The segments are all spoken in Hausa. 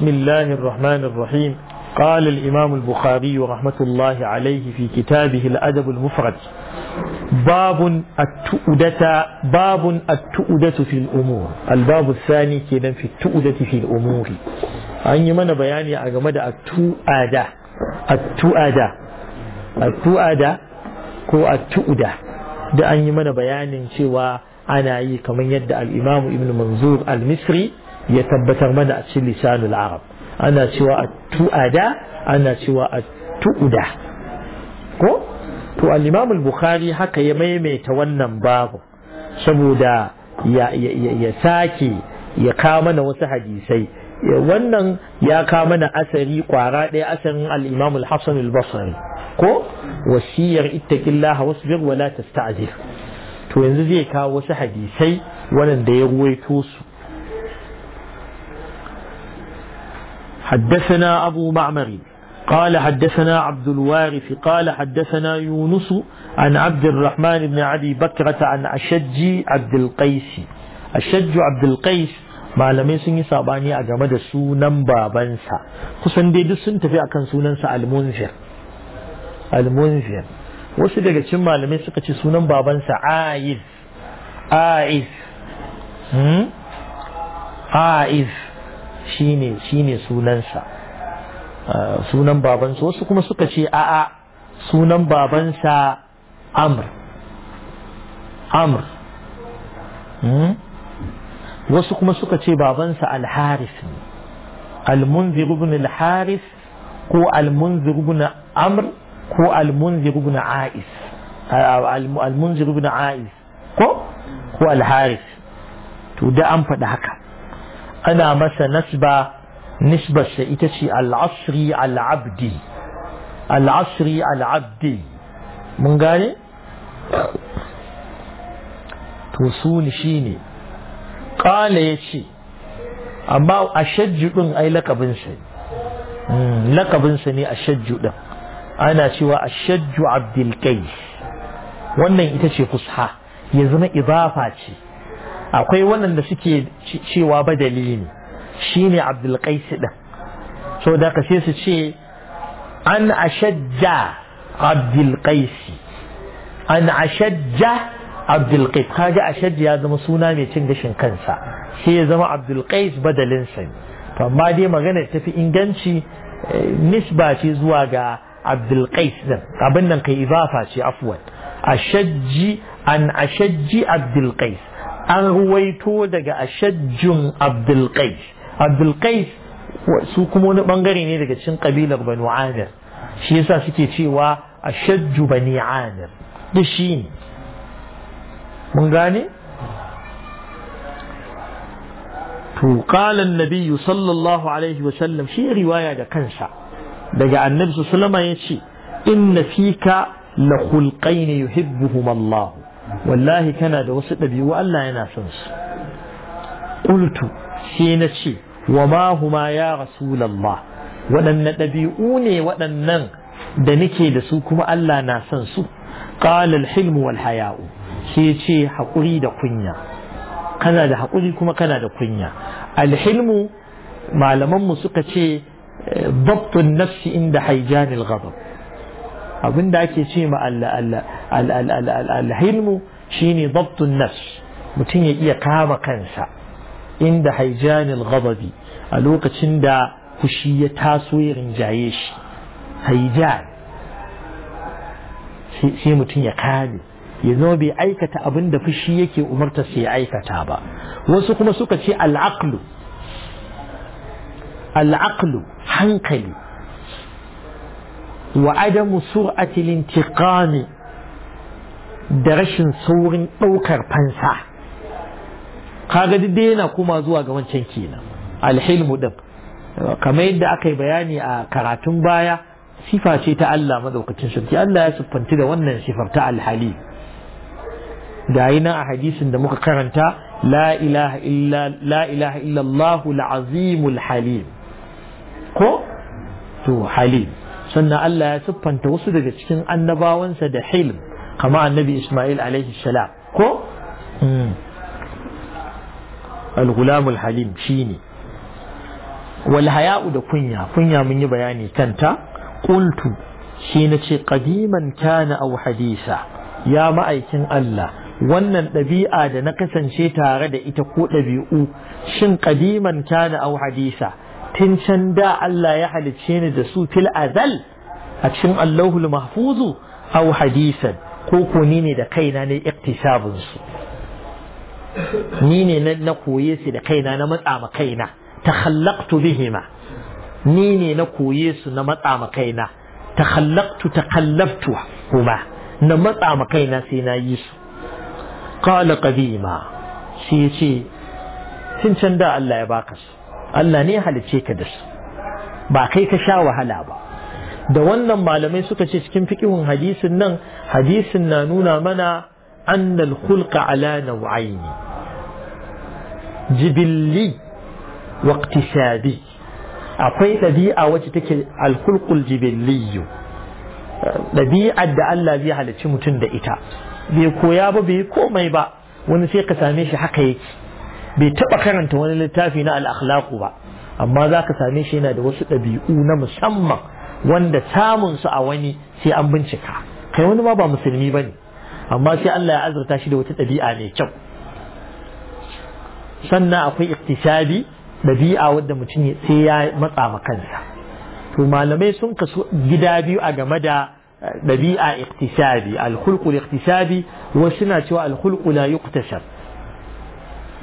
بسم الله الرحمن الرحيم قال الإمام البخاري رحمة الله عليه في كتابه الأدب المفرد باب التؤدة باب التؤدة في الأمور الباب الثاني كذا في التؤدة في الأمور أن من بياني أجمد التؤدة التؤدة التؤدة كو التؤدة ده أن من بياني شوى أنا أي كمن يدعى الإمام ابن منظور المصري ya tabbatar mana a cikin lisanul arab ana cewa a tu'ada ana cewa a tu'uda ko to al-imam al-bukhari haka ya maimaita wannan babu saboda ya ya sake ya kawo mana wasu hadisai wannan ya kawo mana asari kwara ɗaya asarin al-imam al-hasan al-basri ko wasiyar ittaqillaha wasbir wala tasta'jil to yanzu zai kawo wasu hadisai da ya ruwaito su حدثنا أبو معمر قال حدثنا عبد الوارث قال حدثنا يونس عن عبد الرحمن بن عدي بكرة عن أشج عبد القيس أشج عبد القيس malamai sun yi sabani a game da sunan babansa kusan dai duk sun tafi akan sunansa almunzir almunzir wasu daga cikin malamai suka ce sunan babansa aiz aiz shine shine sunansa ah, sunan babansa wasu kuma suka ce a'a sunan babansa amr amr hmm? wasu kuma suka ce babansa al-haris al-munzir ibn al ko al ibn amr ko al-munzir ibn a'is ah, al ibn a'is ko ko al-haris to da an faɗi haka ana masa nasba nisbarsa ita ce al'asri al'abdi al'asri al'abdi mun gane? to su ni shi ne ƙala ya ce amma a shajjuɗin ai lakabinsa ne hmm, lakabinsa ne a shajjuɗin ana cewa a shajju abdulkais wannan ita ce fusha ya zama ibafa ce akwai waɗanda suke cewa badali ne shine abdul qais din so da ka sai su ce an ashajja abdul an ashajja abdul qais ashajja ya zama suna mai cin gashin kansa sai ya zama abdul qais badalin sa to amma dai magana tafi inganci eh, nisba ce zuwa ga abdul qais din abin nan kai izafa ce afwan ashajji an ashajji abdul an ruwaito daga ashajjun abdulkai abdulkai su kuma wani bangare ne daga cikin kabilar banu amir shi yasa suke cewa ashajju bani amir da shi ne mun gane to qala annabi sallallahu alaihi wa sallam shi riwaya da kansa daga annabi sallallahu alaihi wa sallam yace inna fika la khulqain yuhibbuhum Allah wallahi kana da wasu ɗabi'u Allah yana son su qultu sai na ce wa ma huma ya rasulullah waɗanne ɗabi'u ne waɗannan da nake da su kuma Allah na son su qala al-hilm wal haya'u sai ce haƙuri da kunya kana da haƙuri kuma kana da kunya al-hilmu malaman mu suka ce ضبط النفس عند حيجان الغضب abin da ake ce ma alhilmu shine dabtun nafs mutum ya iya kama kansa inda haijanil ghadabi a lokacin da kushi ya taso ya rinjaye shi haijan sai mutum ya kame ya zama bai aikata abin da fushi yake umarta sai ya aikata ba wasu kuma suka ce al'aqlu al'aqlu hankali wa adamu sur'atil intiqami da rashin saurin ɗaukar fansa kaga duk dai yana kuma zuwa ga wancan kenan alhilmu din kamar yadda aka yi bayani a karatun baya sifa ce ta Allah madaukakin sarki Allah ya siffanci da wannan sifar ta alhali ga yi a hadisin da muka karanta la ilaha illa Allah al-azimul halim ko to halim sannan Allah ya siffanta wasu daga cikin annabawansa da hilm kama annabi Ismail alaihi salam ko hmm. al-ghulamul halim shine wal haya'u da kunya kunya mun yi bayani kanta qultu shi nace qadiman kana aw hadisa ya ma'aikin Allah wannan ɗabi'a da na kasance tare da ita ko ɗabi'u shin qadiman kana aw hadisa tun can da Allah ya halicce ni da su fil azal a cikin Allahul mahfuzu aw hadisan ko ko ni ne da kaina ne iktisabun su ni ne na koye su da kaina na matsa ma kaina ta khallaqtu bihima ni ne na koye su na matsa ma kaina ta khallaqtu ta takallaftu kuma na matsa ma kaina sai na yi su qala qadima shi shi tun can da Allah ya baka su Allah ne ya halicce ka da su ba kai ka sha wahala ba da wannan malamai suka ce cikin fikihun hadisin nan hadisin na nuna mana annal khulqa ala nau'aini jibilli iktisabi akwai ɗabi'a wacce take al-kulkun al-khulqul jibilli ɗabi'ar da Allah zai halicci mutum da ita bai koya ba bai komai ba wani sai ka same shi haka yake bai taɓa karanta wani littafi na al'akhlaku ba amma za ka same shi yana da wasu ɗabi'u na musamman wanda samun su a wani sai an bincika kai wani ma ba musulmi ba ne amma sai Allah ya azurta shi da wata ɗabi'a mai kyau sannan akwai iktisabi ɗabi'a wadda mutum sai ya matsa ma kansa to malamai sun kasu gida biyu a game da eh, ɗabi'a iktisabi alhulqul iktisabi wasu na cewa alhulqu la yuktasab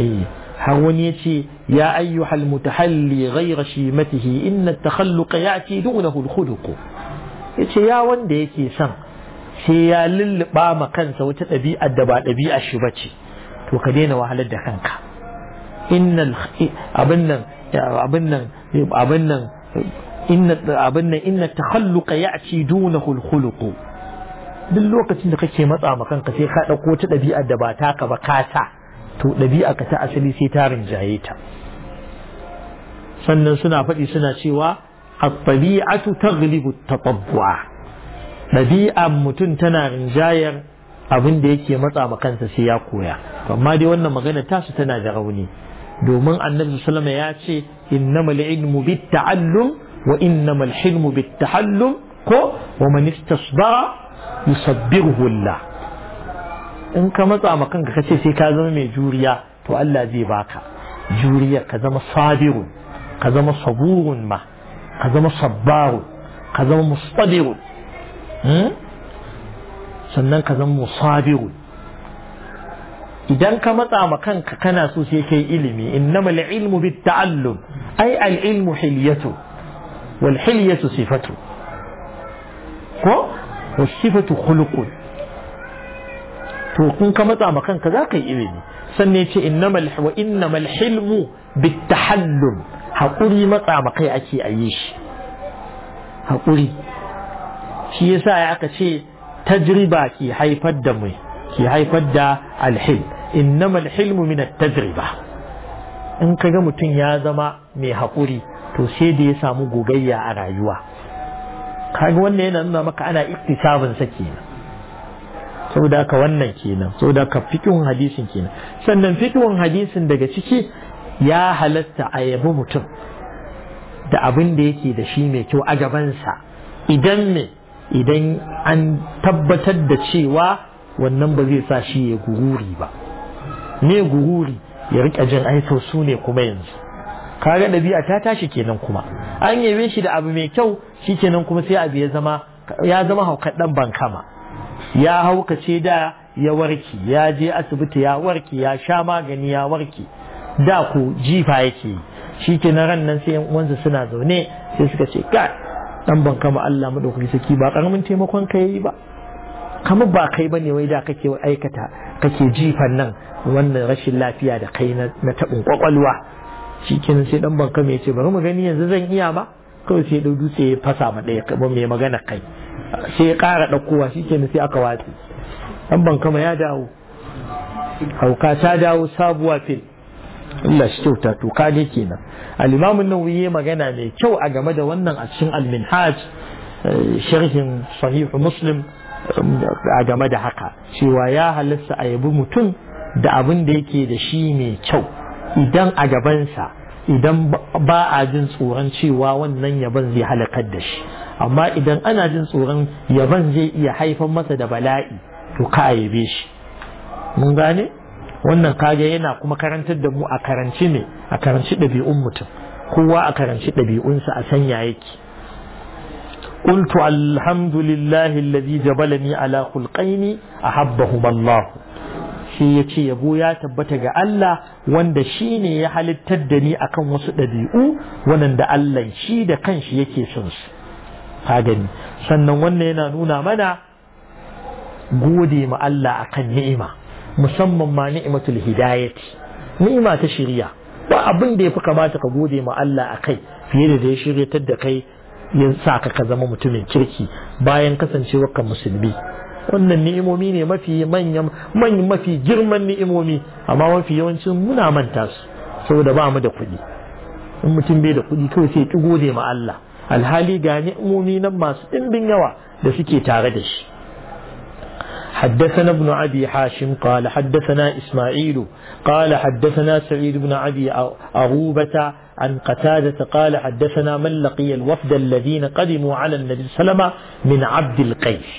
eh. har wani ya ce ya ayyuhal mutahalli ghayra shimatihi inna takhalluqa ya'ti dunahu al-khuluq yace ya wanda yake son sai ya lulluɓa ma kansa wata ɗabi'a da ba ɗabi'a shi bace to ka daina wahalar da kanka innal abin nan inna abin inna takhalluqa ya'ti dunahu al-khuluq duk lokacin da kake matsa ma kanka sai ka ɗauko ta ɗabi'a da ba taka ba ka sa to ɗabi'a ka ta asali sai ta rinjaye ta sannan suna faɗi suna cewa at-tabi'atu taghlibu at-tatabbu'a ɗabi'an mutum tana rinjayar abin da yake matsa ma kansa sai ya koya amma dai wannan magana tasu tana da rauni domin annabi sallama ya ce innamal ilmu bit ta'allum wa innamal hilmu bit tahallum ko wa man istasbara yusabbiruhu Allah in ka matsa ma kanka kace sai ka zama mai juriya to Allah zai baka juriya ka zama sabirun ka zama saburun ma ka zama sabbarun ka zama mustadirun sannan ka zama musabirun idan ka matsa ma kanka kana so sai kai ilimi innamal ilmu bit ta'allum ai al ilmu hilyatu wal hilyatu sifatu ko was sifatu khuluqun to kun ka matsa ma kanka za ka yi ilimi sannan ce innamal wa innamal hilmu tahallum haƙuri matsa ma kai ake a yi shi haƙuri shi yasa ya aka ce tajriba ke haifar da mai ke haifar da alhil innamal hilmu min tajriba in ka ga mutum ya zama mai haƙuri to sai da ya samu gogayya a rayuwa Ka ga wannan yana nuna maka ana iktisabin sa kenan saboda haka wannan kenan saboda haka fikihun hadisin kenan sannan fikihun hadisin daga ciki ya halatta a yabi mutum da abin da yake da shi mai kyau a gabansa idan ne idan an tabbatar da cewa wannan ba zai sa shi ya gururi ba ne gururi ya rika jin to su ne kuma yanzu kaga ɗabi'a ta tashi kenan kuma an yabe shi da abu mai kyau shi kenan kuma sai abu ya zama ya zama haukar ɗan bankama ya haukace da ya warke ya je asibiti ya warke ya sha magani ya warke da ku jifa yake shi ke na ran nan sai yan uwansa suna zaune sai suka ce kai dan ban kama Allah madaukaki saki ba karamin taimakon ka yayi ba kamar ba kai bane wai da kake aikata kake jifan nan wannan rashin lafiya da kai na tabin kwakwalwa shi ke sai dan ban kama ya ce bari mu gani yanzu zan iya ba kawai sai ya dau dutse ya fasa ma ɗaya mai magana kai sai ya ƙara ɗaukowa shi ke sai aka watsi ɗan ban kama ya dawo hauka ta dawo sabuwa fil illa shi kyauta to ka ne kenan nan imamun nan magana mai kyau a game da wannan a cikin al-minhaj eh, sharhin sahihu muslim eh, a game da haka cewa ya halasta a yabi mutum da abin da yake da shi mai kyau idan a gabansa idan ba a jin tsoron cewa wannan yaban zai halakar da shi amma idan ana jin tsoron yaban zai iya haifar masa da bala'i to ka yabe shi mun gane wannan kage yana kuma karantar da mu a karanci ne a karanci ɗabi'un mutum kowa a karanci ɗabi'unsa a sanya yake قلت الحمد لله الذي جبلني على a أحبهما الله shi ya ce yabo ya tabbata ga Allah wanda shi ne ya halittar da ni akan wasu ɗabi'u waɗanda Allah shi da kanshi yake son su ka sannan wannan yana nuna mana gode ma Allah akan ni'ima musamman ma ni'imatul hidayati ni'ima ta shiriya ba abin da yafi kamata ka gode ma Allah kai fiye da da ya shiryatar da kai ya sa ka ka zama mutumin kirki bayan kasancewar ka musulmi wannan ni'imomi ne mafi manyan mafi girman ni'imomi amma mafi yawancin muna manta su saboda ba mu da kuɗi in mutum bai da kuɗi kawai sai ki gode ma Allah alhali ga ni'imomi nan masu ɗimbin yawa da suke tare da shi حدثنا ابن أبي حاشم قال حدثنا إسماعيل قال حدثنا سعيد بن أبي أغوبة عن قتادة قال حدثنا من لقي الوفد الذين قدموا على النبي صلى الله عليه وسلم من عبد القيس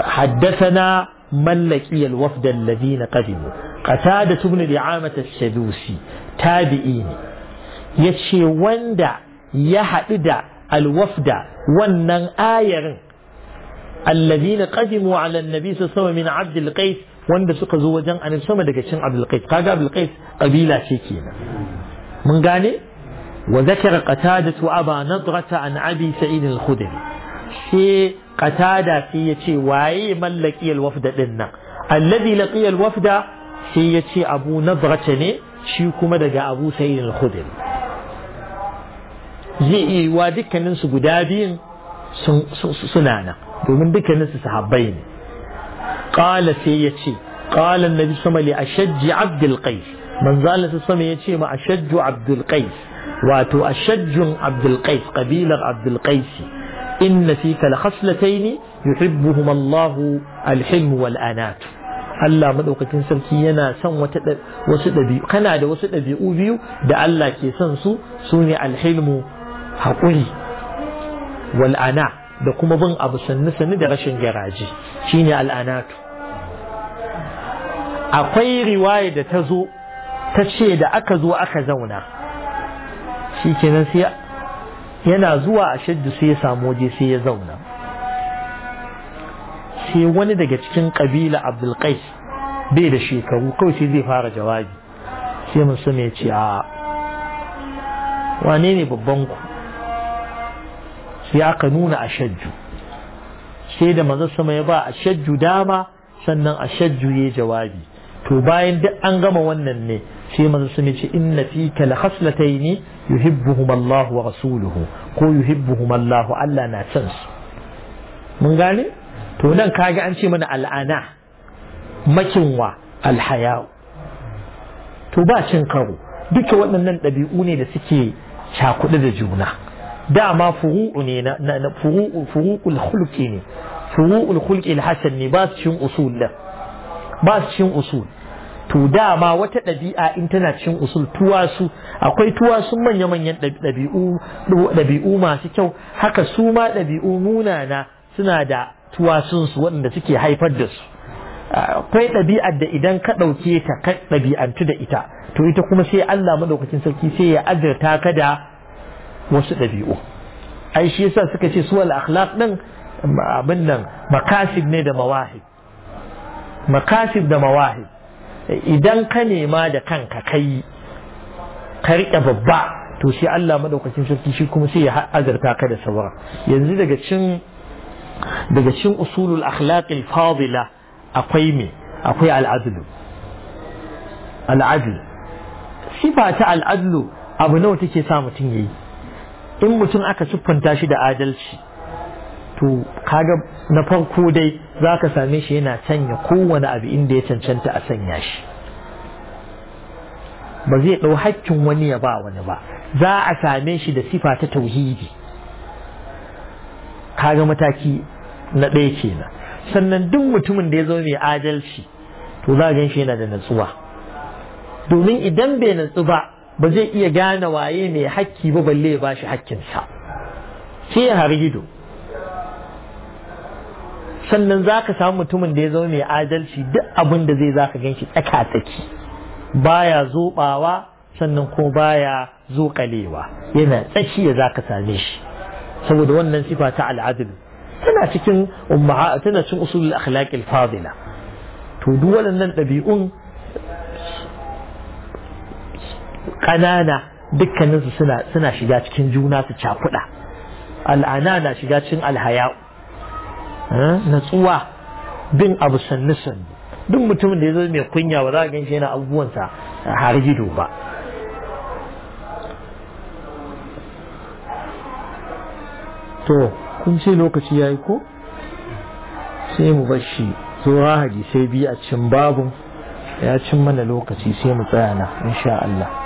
حدثنا من لقي الوفد الذين قدموا قتادة بن دعامة السدوسي تابعين يشي وندا ya haɗu da alwafda wannan ayarin allazina qadimu ala annabi sallallahu min abd wanda suka zo wajen annabi sama daga cin abd qais kaga abd qais kabila ce kenan mun gane wa zakara qatada wa aba nadrata an abi sa'id al shi qatada sai ya ce waye mallaki alwafda wafda din nan allazi laqiya wafda sai ya ce abu nadrata ne shi kuma daga abu sa'id al zai iya yiwa dukkaninsu guda biyun suna nan domin dukkaninsu sahabbai ne qala sai ya ce qala annabi sama li ashajji abdul qais manzo Allah sama ya ce ma ashajju abdul qais wato ashajjun abdul qais qabilar abdul qais inna fika la khaslatayn yuhibbuhuma Allah al-hilm wal anat Allah madaukakin sarki yana son wata wasu dabi'u kana da wasu dabi'u biyu da Allah ke son su sune al-hilmu haƙuri wal'ana da kuma bin abu sannu sannu da rashin garaji shine al'anatu akwai riwaya da ta zo ta ce da aka zo aka zauna shi kenan sai yana zuwa a shaddu sai ya samu waje sai ya zauna sai wani daga cikin ƙabila abdulkais bai da shekaru kawai sai zai fara jawabi sai musu ya ce a wane ne babban ku Ya aka nuna ashajju sai da manzo sama ya ba ashajju dama sannan ashajju ya jawabi to bayan duk an gama wannan ne sai manzo sama ce inna fika la khaslataini yuhibbuhuma Allah wa rasuluhu ko yuhibbuhuma Allah Allah na son su mun gane to nan kaga an ce mana al'ana makinwa alhaya to ba cin karo duka waɗannan ɗabi'u ne da suke cakuɗe da juna dama furu'u ne na furu'u furu'ul khulqi ne furu'ul khulqi al ne ba su cin usul la ba su cin usul to dama wata ɗabi'a in tana cin usul su akwai tuwasun manya-manyan ɗabi'u dabi'u masu kyau haka su ma ɗabi'u munana suna da su waɗanda suke haifar da su akwai ɗabi'ar da idan ka ɗauke ta ka ɗabi'antu da ita to ita kuma sai Allah madaukakin sarki sai ya azurta ka da wasu ɗabi'u ai shi yasa suka ce suwal akhlaq din abin nan makasib ne da mawahib makasib da mawahib idan ka nema da kanka kai ka riƙe babba to shi Allah madaukakin sarki shi kuma sai ya azurta ka da sauran yanzu daga cin daga cin usulul akhlaq al fadila akwai me akwai al'adlu adl sifa ta al'adlu abu nawa take sa mutum yayi in mutum aka siffanta shi da adalci to kaga na farko dai za ka same shi yana canya kowane abu inda ya cancanta a sanya shi ba zai ɗau hakkin wani ya ba wani ba za a same shi da sifa ta tauhidi kaga mataki na ɗaya kenan sannan duk mutumin da ya zo mai adalci to za a gan shi yana da natsuwa domin idan bai natsu ba ba zai iya gane waye mai hakki ba balle ya bashi hakkinsa sai ya harido sannan za ka samu mutumin da ya zama mai adalci duk abin da zai za ka gan shi tsaka-tsaki baya zobawa sannan ko baya zokalewa yana tsakiya za ka same shi saboda wannan sifa ta al'adil tana cikin tana cin usulul akhlaqil fadila to duk waɗannan ɗabi'un ƙanana dukkaninsu suna suna shiga cikin juna su cakuɗa al'ana na shiga cikin alhaya eh, natsuwa bin abu sannu sannu duk mutumin da ya zama mai kunya ba za a ganshi yana abubuwansa har gido ba to kun ce lokaci ya yi ko sai mu bar shi tsoron sai biyu a cin babun ya cin mana lokaci sai mu tsaya na insha Allah